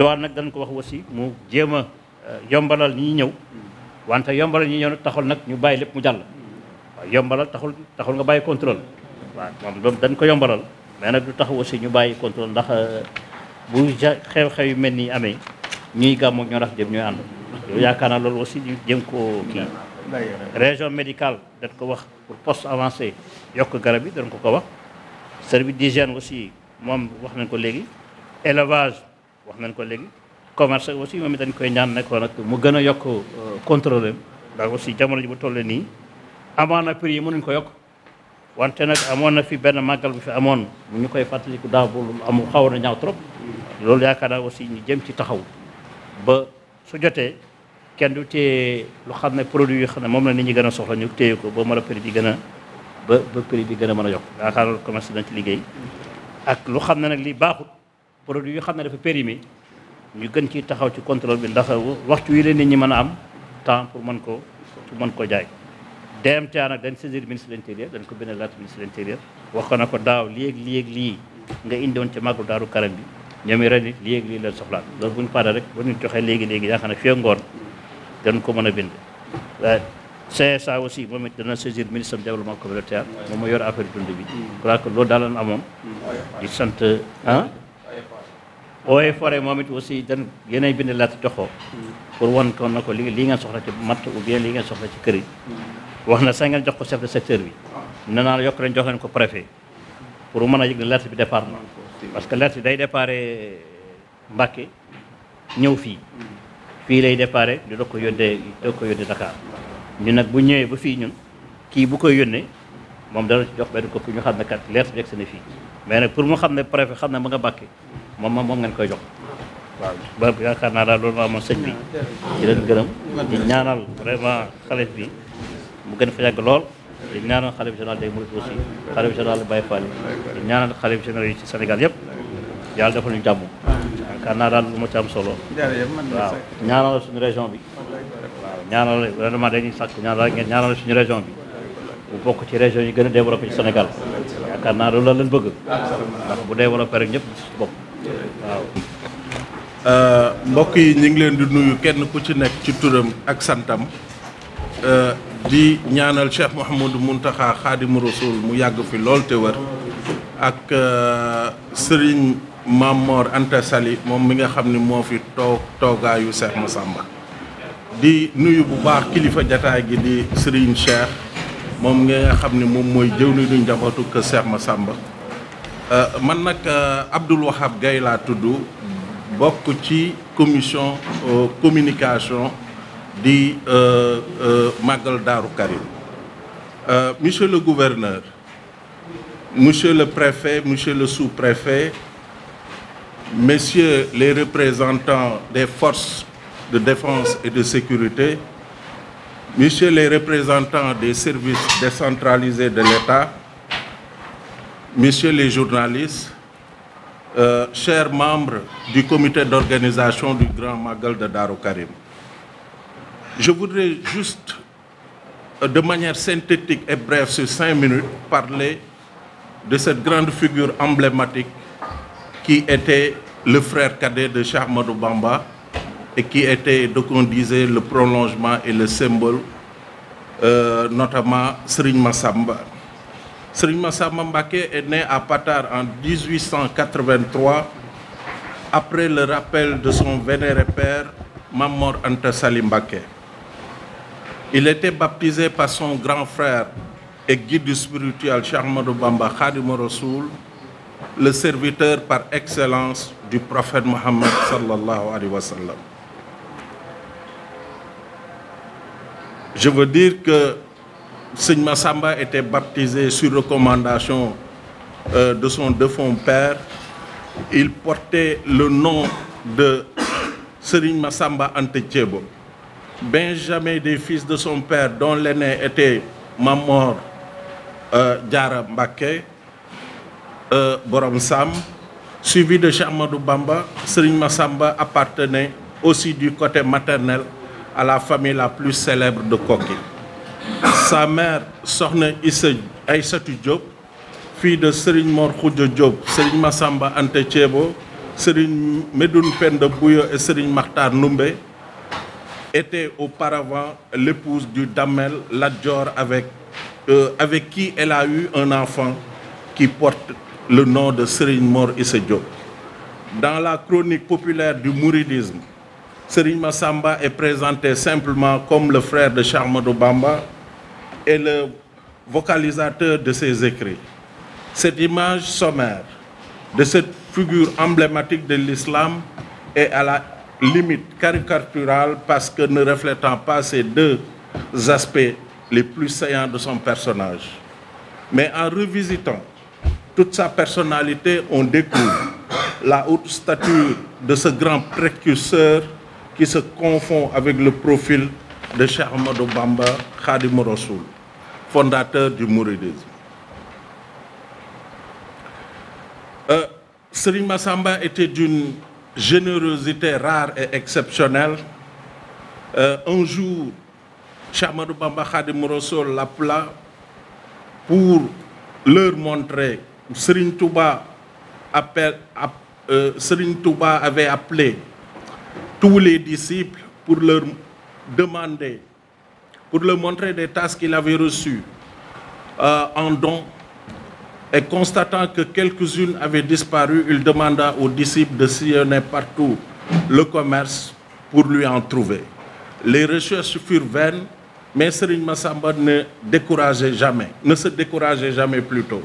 douane nag dañ ko wax aussi mu jéem euh, yombalal ñi ñëw wante yombalal ñi ñëw nag taxul nag ñu bàyyi lépp mu jàll waaw yombalal taxul taxul nga bàyyi contrôle waaw moom dañ ko yombalal mais nag du tax aussi ñu bàyyi contrôle ndax euh, bu xew-xew yu mel nii amee ñuy gàmmoog ñoo ndax jëm ñooy ànd yooyu yaakaar naa loolu aussi ñu jëm koo kii région médicale dañ ko wax pour post avancé yokk garab yi dañ ko ko wax service d'hygiène aussi moom wax nañ ko léegi élevage wax nañ ko léegi commerce aussi moom dañ koy ñaan ne ko nag mu gën a yokk euh, contrôle ndax aussi jamono ji bu toll nii amoon na prix yi mënuñ ko yokk wante nag amoon na fi benn màggal bu fi amoon mu ñu koy fàttaliku daaw bu amul xaw na ñaaw trop loolu yaakaar naa aussi ñu jëm ci taxaw ba su jotee kenn du téye lu xam ne produit yi xam ne moom la nit ñi gën a soxla ñu téye ko ba mën a prix bi gën a ba ba prix bi mën a yokk yaakaar loolu commerce dañ ci liggéey nag lii baaxut produit yu xam ne dafa périmé ñu gën ci taxaw ci contrôle bi ndax waxtu wi la nit ñi mën a am temps pour mën ko pour mën ko jaay DMTA nag dañ saisir ministre de l'intérieur dañ ko bind laaj ministre de l'intérieur wax na ko daaw léegi léegi lii nga indiwoon ci màggu daaru karam bi ñoom ren it léegi lii leen soxlaat loolu bu ñu paree rek bu ñu joxee léegi léegi yaa xam ne fii ngoon dañ ko mën a bind euh, CSA aussi moom it dana saisir ministre du communautaire moom ma yor affaire eaux et forêt moom it aussi dan yéenay bind lettre joxo pour won ko na ko li lii ngeen soxla ci matt ou bien lii ngeen soxla ci kër yi wax na sax ngeen jox ko chef de secteur bi ne yokk leen jox leen ko préfet pour mën a yëg ne lettre bi départ na parce que lettre bi day départ Mbàkke ñëw fii fii lay départ di doog ko yónnee doog ko yónnee Dakar ñu nag bu ñëwee ba fii ñun kii bu koy yónnee moom dana ci jox benn copie ñu xam ne kat lettre bi yegg si fii moom moom ngeen koy jox waaw ba yaakaar naa daal loolu ma amoon sëñ bi di leen gërëm di ñaanal vraiment xalif bi mu gën fa yàgg lool di ñaanal xalif général day murit aussi xalif général Baye Fall ñaanal xalif général yi ci Sénégal yëpp yàlla defal ñu jàmm yaakaar naa daal lu ma ci am solo waaw ñaanal suñu région bi waaw ñaanal vraiment dañuy sàkk ñaanal ngeen ñaanal suñu région bi bu bokk ci région yi gën a développé ci Sénégal yaakaar naa loolu la bëgg ndax bu développé rek ñëpp waaw euh, mbokk yi ñu ngi leen di nuyu kenn ku ci nekk ci turam ak santam euh, di ñaanal Cheikh Mouhamadou Mountakha Khadimu Rasoul mu yàgg fi lool te wër ak euh, sëriñ Mamor Anta moom mi nga xam ni moo fi toog toogaayu ma Massamba di nuyu bu baax kilifa jataay gi di sëriñ Cheikh moom mi nga xam ni moom mooy jëw jëwriñu njabootu kër ma sàmba Euh, euh, Wahab commission euh, communication monsieur le gouverneur monsieur le préfet monsieur le sous-préfet messieurs les représentants des forces de défense et de sécurité, messieurs les représentants des services décentralisés de l'État, messieurs les journalistes, euh, chers membres du comité d'organisation du Grand Magal de Daro Karim, je voudrais juste, euh, de manière synthétique et brève, sur cinq minutes, parler de cette grande figure emblématique qui était le frère cadet de Charmadou Bamba et qui était, donc on disait, le prolongement et le symbole, euh, notamment Srin Massamba Serigne est né à Patar en 1883 après le rappel de son vénéré père Mamor Anta Il était baptisé par son grand frère et guide spirituel de Bamba Khadim Rasoul, le serviteur par excellence du prophète Muhammad sallallahu alayhi Je veux dire que Seigne Samba était baptisé sur recommandation euh, de son défunt père. Il portait le nom de Serigne Samba Antetiebo. Benjamin des fils de son père, dont l'aîné était Mamor euh, Diara euh, Sam, suivi de Chamadou Bamba, Serigne Samba appartenait aussi du côté maternel à la famille la plus célèbre de Koki. Sa mère, Sohna Issa Aïssatou Diop, fille de Serigne mour Khoudio Diop, Serigne Massamba Ante Thiebo, Serigne Medoun et Serigne Martar Noumbe, était auparavant l'épouse du Damel Ladjor avec, euh, avec qui elle a eu un enfant qui porte le nom de Serigne Mor Issa Diop. Dans la chronique populaire du mouridisme, Serigne Samba est présenté simplement comme le frère de Charmadou Bamba et le vocalisateur de ses écrits. Cette image sommaire de cette figure emblématique de l'islam est à la limite caricaturale parce que ne reflétant pas ces deux aspects les plus saillants de son personnage. Mais en revisitant toute sa personnalité, on découvre la haute stature de ce grand précurseur qui se confond avec le profil de Cheikh Bamba Khadim Rassoul, fondateur du mouridisme. Euh, Sri Massamba était d'une générosité rare et exceptionnelle. Euh, un jour, Cheikh Bamba Khadim Rassoul l'appela pour leur montrer Serigne Touba, appel, euh, Touba avait appelé tous les disciples pour leur demander, pour leur montrer des tasses qu'il avait reçues euh, en don. Et constatant que quelques-unes avaient disparu, il demanda aux disciples de sillonner partout le commerce pour lui en trouver. Les recherches furent vaines, mais Serigne Massamba ne décourageait jamais, ne se décourageait jamais plus tôt.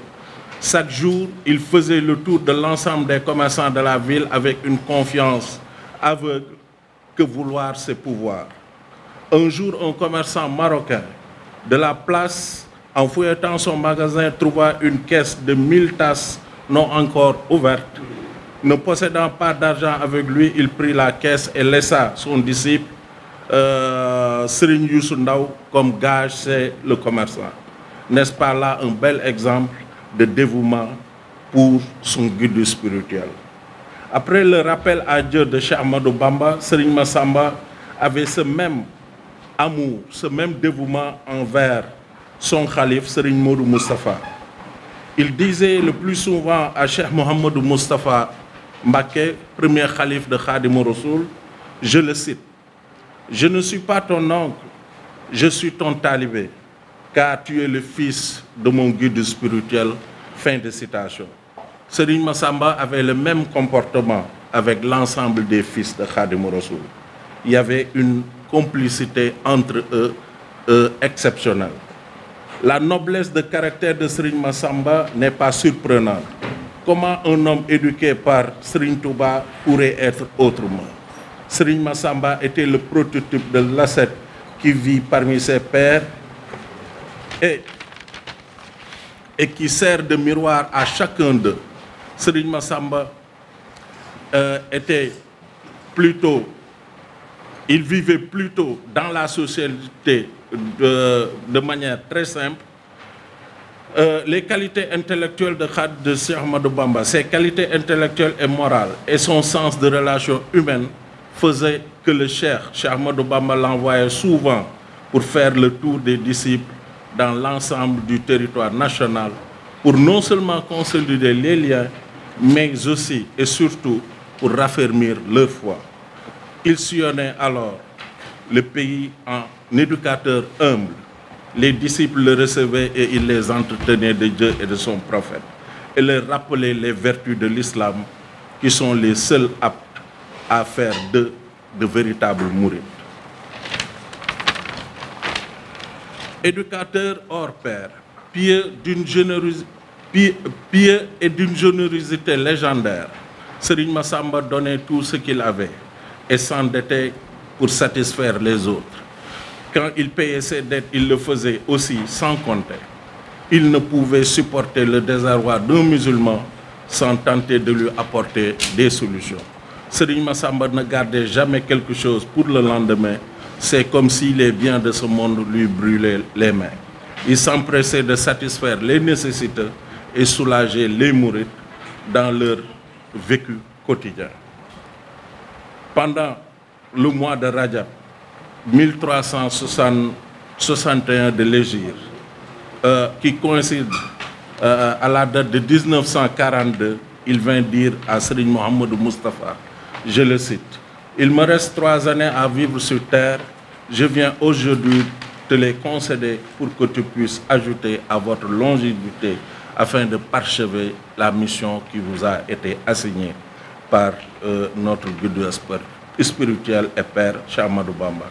Chaque jour, il faisait le tour de l'ensemble des commerçants de la ville avec une confiance aveugle que vouloir ses pouvoir. Un jour, un commerçant marocain de la place, en fouillant son magasin, trouva une caisse de mille tasses non encore ouverte. Ne possédant pas d'argent avec lui, il prit la caisse et laissa son disciple euh, comme gage, c'est le commerçant. N'est-ce pas là un bel exemple de dévouement pour son guide spirituel après le rappel à Dieu de Cheikh Amadou Bamba, Serigne Massamba avait ce même amour, ce même dévouement envers son calife Serigne Mourou Mustafa. Il disait le plus souvent à Cheikh Mohamedou Mustafa Mbake, premier calife de Khadim Rasoul, je le cite Je ne suis pas ton oncle, je suis ton talibé, car tu es le fils de mon guide spirituel. Fin de citation. Serigne Massamba avait le même comportement avec l'ensemble des fils de Khadim Il y avait une complicité entre eux, exceptionnelle. La noblesse de caractère de Srin Massamba n'est pas surprenante. Comment un homme éduqué par Srin Touba pourrait être autrement Serigne Massamba était le prototype de l'asset qui vit parmi ses pères et qui sert de miroir à chacun d'eux. Serigne Massamba euh, était plutôt, il vivait plutôt dans la société euh, de, manière très simple. Euh, les qualités intellectuelles de Khad de Bamba, ses qualités intellectuelles et morales et son sens de relations humaines faisaient que le cher Ahmadou Bamba l'envoyait souvent pour faire le tour des disciples dans l'ensemble du territoire national pour non seulement consolider les liens mais aussi et surtout pour raffermir leur foi. Ils sillonnaient alors le pays en éducateur humble Les disciples le recevaient et ils les entretenaient de Dieu et de son prophète et leur rappelait les vertus de l'islam qui sont les seuls aptes à faire de de véritables mourides. Éducateurs hors pair, pieux d'une générosité pieux et d'une générosité légendaire, Serigne Massamba donnait tout ce qu'il avait et s'endettait pour satisfaire les autres. Quand il payait ses dettes, il le faisait aussi sans compter. Il ne pouvait supporter le désarroi d'un musulman sans tenter de lui apporter des solutions. Serigne Massamba ne gardait jamais quelque chose pour le lendemain. C'est comme si les biens de ce monde lui brûlaient les mains. Il s'empressait de satisfaire les nécessités et soulager les Mourites dans leur vécu quotidien. Pendant le mois de Rajab 1361 de l'Égir, euh, qui coïncide euh, à la date de 1942, il vient dire à Srin Mohamed Mustafa, je le cite, Il me reste trois années à vivre sur terre, je viens aujourd'hui te les concéder pour que tu puisses ajouter à votre longévité afin de parchever la mission qui vous a été assignée par euh, notre guide spirituel et père, Shamadou Bamba.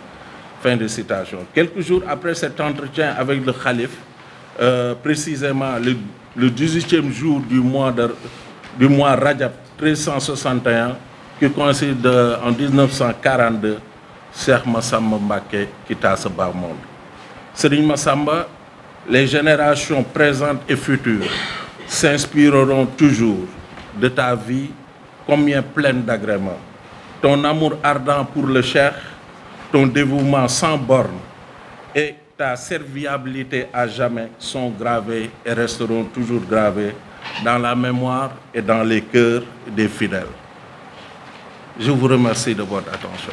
Fin de citation. Quelques jours après cet entretien avec le calife, euh, précisément le, 18e jour du mois, de, du mois Rajab 1361, qui coïncide euh, en 1942, Cheikh Massamba Mbake quitta ce bas Massamba les générations présentes et futures s'inspireront toujours de ta vie combien pleine d'agréments. Ton amour ardent pour le cher, ton dévouement sans borne et ta serviabilité à jamais sont gravés et resteront toujours gravés dans la mémoire et dans les cœurs des fidèles. Je vous remercie de votre attention.